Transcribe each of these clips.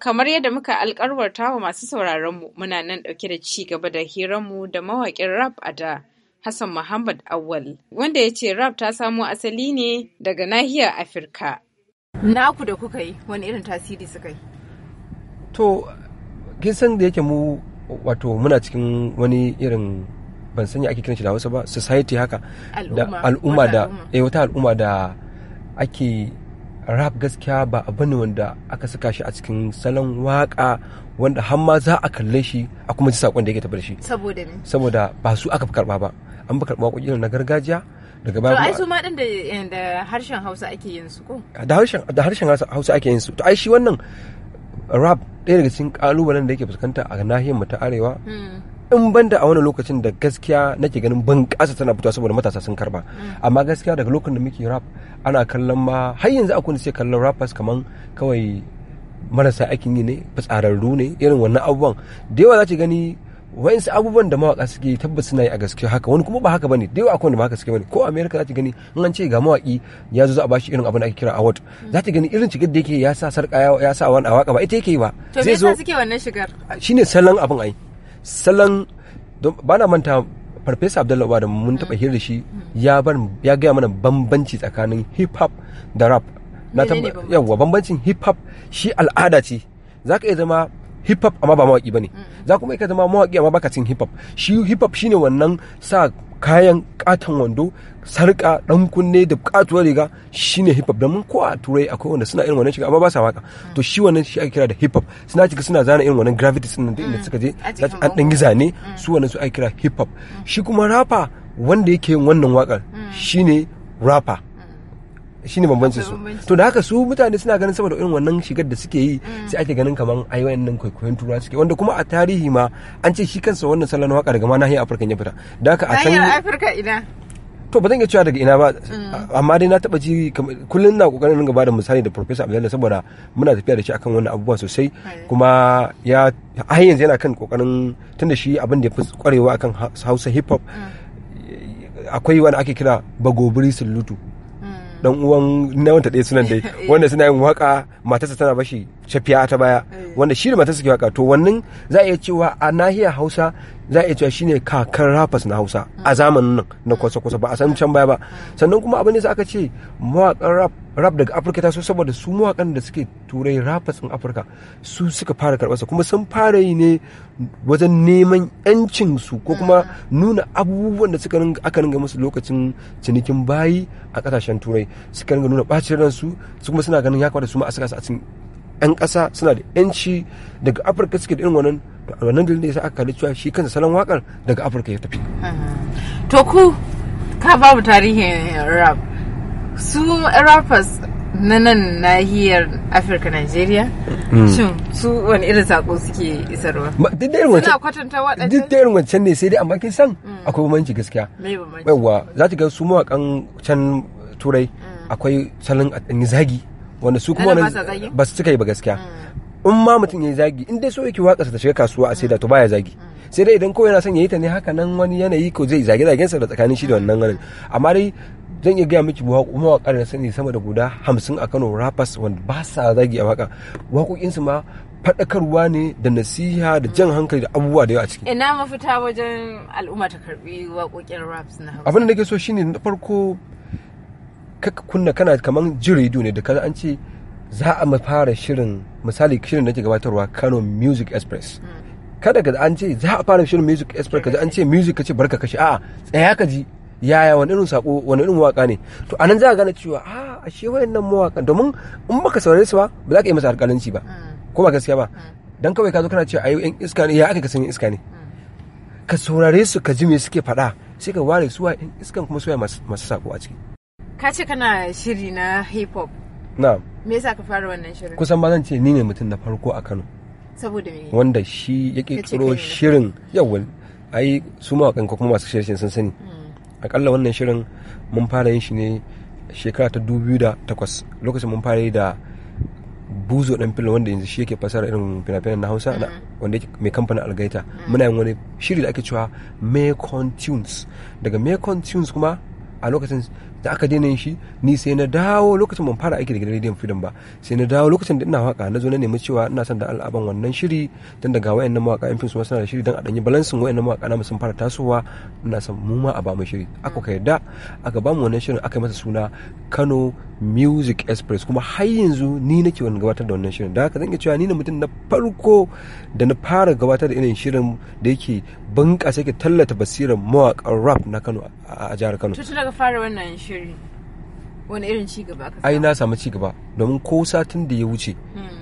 Kamar yadda muka alkarwarta wa masu sauraronmu muna nan ɗauke da ci gaba da hiranmu da mawaƙin rap a da Hassan Muhammad Awal, wanda ya ce rap ta samo asali ne daga nahiyar Afirka. Naku da kuka yi wani irin tasiri suka yi? To, san da yake mu wato muna cikin wani irin ban sanya ake kiran shi da wasu ba society haka da al'umma da eh wata al'umma da ake rap gaskiya ba abu ne wanda aka saka shi a cikin salon waka wanda har ma za a kalle shi a kuma ji sakon da yake tafi shi saboda ne saboda ba su aka fi karba ba an ba karba wakokin na gargajiya daga baya to ai su ma din eh, da harshen Hausa ake yin su ko da harshen da harshen Hausa ake yin su to ai shi wannan rap ɗaya daga cikin kalubalen da yake fuskanta a nahiyar mu ta arewa hmm. in banda a wani lokacin da gaskiya nake ganin ban kasa tana fitowa saboda matasa sun karba mm. amma gaskiya daga lokacin da muke rap ana kallon ma har yanzu akwai suke kallon rappers kaman kawai marasa aikin yi ne fitsararru ne irin wannan abubuwan da yawa za ki gani wa'insu abubuwan da mawaka suke tabbas suna yi a gaskiya haka wani kuma ba haka bane da yawa akwai wanda ba haka suke bane ko america za ta gani in an ce ga mawaki ya zo za a bashi irin abin da ake kira award mm. za ta gani irin shigar da yake ya sa sarka ya sa wani a waka ba ita yake yi ba to me yasa suke wannan shigar shine salon abin ai salon ba na manta farfesa abdullahi da mun taba mm. hira da shi mm. ya bar ya gaya mana bambanci tsakanin hip hop da rap na yawa bambancin hip hop shi al'ada ce za ka iya zama hip hop amma ba mawaki bane za kuma ka zama mawaki amma baka cin hip hop shi hip hop shine wannan sa kayan katon wando sarka dan kunne da katuwar riga shine hip hop da mun ko a turai akwai wanda suna irin wannan shiga amma ba sa waka to shi wannan shi ake kira da hip hop suna cika suna zana irin wannan gravity din da inda mm. suka je an dan zane mm. su wannan su ake kira hip hop mm. shi kuma rapper wanda yake yin wannan wakar shine rapper shine bambancin su to da haka su mutane suna ganin saboda irin wannan shigar da suke yi mm. sai ake ganin kaman ai wayannan kwaikwayon tura suke wanda kuma a tarihi ma an ce shi kansa wannan salon waka daga ma nahiyar afirka ya fita da haka a can afirka ina to ba zan iya cewa daga ina ba mm. amma dai na taba ji kullun na kokarin gaba da misali da professor Abdullahi saboda muna tafiya da shi akan wannan abubuwa sosai kuma ya har yanzu yana kan kokarin tunda shi abin da ya fi kwarewa akan Hausa hip hop mm. akwai wani ake kira bagobiri sulutu dan uwan na wanta ɗaya sunan dai eh. wanda suna yin waka matarsa tana bashi shafiya ta baya eh. wanda shi da mata suke waka to wannan za a iya cewa a nahiyar hausa za a iya cewa shine kakar rapas na hausa hmm. a zamanin nan na kwasa-kwasa ba a san can baya ba hmm. sannan kuma abin da aka ce mawakan rap rap daga afirka taso saboda su mawakan da suke turai rapas in afirka su suka fara karbarsa kuma sun fara yi ne wajen neman yancin su ko kuma hmm. nuna abubuwan da suka aka ringa musu lokacin cinikin bayi a kasashen turai suka ringa nuna bacin ransu su kuma suna ganin ya kwada su ma a suka a cikin 'yan ƙasa suna da 'yanci daga afirka suke da irin wannan wannan dalilin da ya sa aka kalli cewa shi kansa salon waƙar daga afirka ya tafi to ku ka ba mu tarihin rap su rappers na nan nahiyar afirka nigeria hmm. shin su wani irin sako suke isarwa duk da irin wancan kwatanta waɗanda duk da irin wancan ne sai dai amma kin san hmm. akwai bambanci gaskiya yawwa za ta ga su mawaƙan can turai hmm. akwai salon zagi wanda su kuma ba su cika yi ba gaskiya in ma mutum ya yi zagi in dai so yake wakarsa ta shiga kasuwa a saida to baya zagi sai dai idan kawai yana son yi ta ne haka nan wani yanayi ko zai zage zagensa da tsakanin shi da wannan wani amma dai zan iya gaya miki mawaƙa da sani sama da guda hamsin a kano rappers wanda ba sa zagi a waƙa su ma faɗakarwa ne da nasiha da jan hankali da abubuwa da yawa a ciki ina mafita wajen al'umma ta karbi waƙoƙin raps na abin da nake so shine na farko kaka kunna kana kamar jin rediyo ne da kaza an ce za a mu fara shirin misali shirin da ke gabatarwa Kano Music Express hmm. kada ka an ce za a fara shirin Music Express kaza an ce music kace barka kashi a'a tsaya ka ji yaya wani irin sako wani irin waka ne to anan za a gane cewa a ah, ashe wayannan mawaka domin in baka saurare su ba ba za ka yi masa alƙalanci ba hmm. ko ba gaskiya ba hmm. dan kawai ka zo kana cewa ayo yan iska ne ya aka kasan iska ne ka saurare su ka ji me suke faɗa sai ka ware suwa in iskan kuma suwa masu sako a ciki ka ce kana shiri na hip hop na me yasa ka fara wannan shirin kusan ba zan ce ni ne mutum na farko a Kano saboda me wanda shi ya kirkiro shirin yawa ai su mawakan ko kuma masu shirin sun sani hmm. akalla wannan shirin mun fara yin shi ne shekara ta takwas lokacin mun fara yi da buzo dan filo wanda yanzu shi yake fasara irin fina-finan na hausa hmm. wanda yake mai kamfanin algaita hmm. muna yin wani shiri da ake cewa mekon tunes daga mekon tunes kuma a lokacin da aka daina yin shi ni sai na dawo lokacin ban fara aiki da gidan rediyon freedom ba sai na dawo lokacin da ina waka na zo na nemi cewa ina son da al'aban wannan shiri dan daga wayannan mawaka yan su suna da shiri dan a danyi balansin wayannan mawaka na sun fara tasowa ina son mu ma a ba mu shiri aka kai da aka ba mu wannan shirin aka masa suna Kano Music Express kuma har yanzu ni nake wani gabatar da wannan shirin da haka zan iya cewa ni ne mutum na farko da na fara gabatar da irin shirin da yake bunƙasa yake tallata basirar mawakan rap na Kano a jihar Kano tun daga fara wannan shiri wani irin ka ai na samu ci gaba domin ko satin da ya wuce hmm.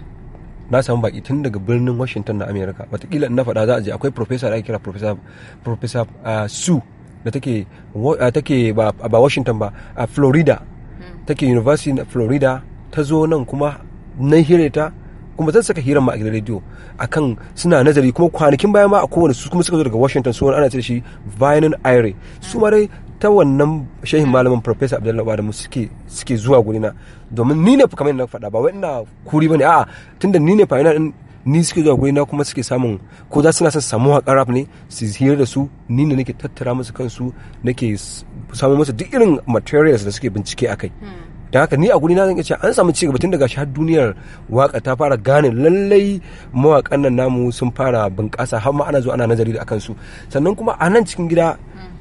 na samu baki tun daga birnin washington na america watakila na faɗa za a je akwai professor da ake kira professor ah, su da take ah, take ba washington ba a florida hmm. take university na florida ta zo nan kuma nan ta kuma zan saka hirar ma a gidan rediyo akan suna nazari kuma kwanakin bayan ma a kowane su kuma suka zo daga washington su wani ana ce da shi violin ire su ma dai ta wannan shehin malamin professor abdullahi ba da mu suke suke zuwa na domin ni ne kamar na faɗa ba wai kuri bane a'a tunda ni ne fa ni suke zuwa na kuma suke samun ko za suna son samu haƙar rap ne su hira da su ni ne nake tattara musu kansu nake samu musu duk irin materials da suke bincike akai hmm. da haka ni a guri na zan ce an samu cigaba tun daga shi har duniyar waka ta fara gane lallai mawakan nan namu sun fara bunƙasa har ma ana zuwa ana nazari da akan sannan kuma a nan cikin gida hmm.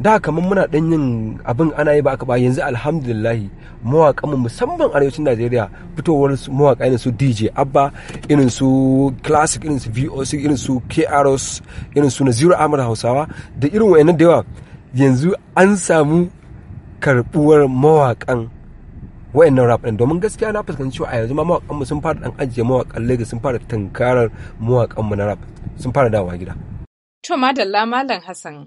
da kamar muna dan yin abin ana yi ba aka ba yanzu alhamdulillahi mawaƙan mu musamman arewacin Najeriya fitowar mawaƙa irin su DJ Abba irin su classic irin su VOC irin su KROS irin su Zero Amara Hausawa da irin wayannan da yawa yanzu an samu karbuwar mawaƙan wayannan rap din domin gaskiya na fuskanci cewa a yanzu ma mawaƙan mu sun fara dan ajiye mawaƙan Lagos sun fara tankarar mawaƙan mu na rap sun fara dawowa gida to madalla malam Hassan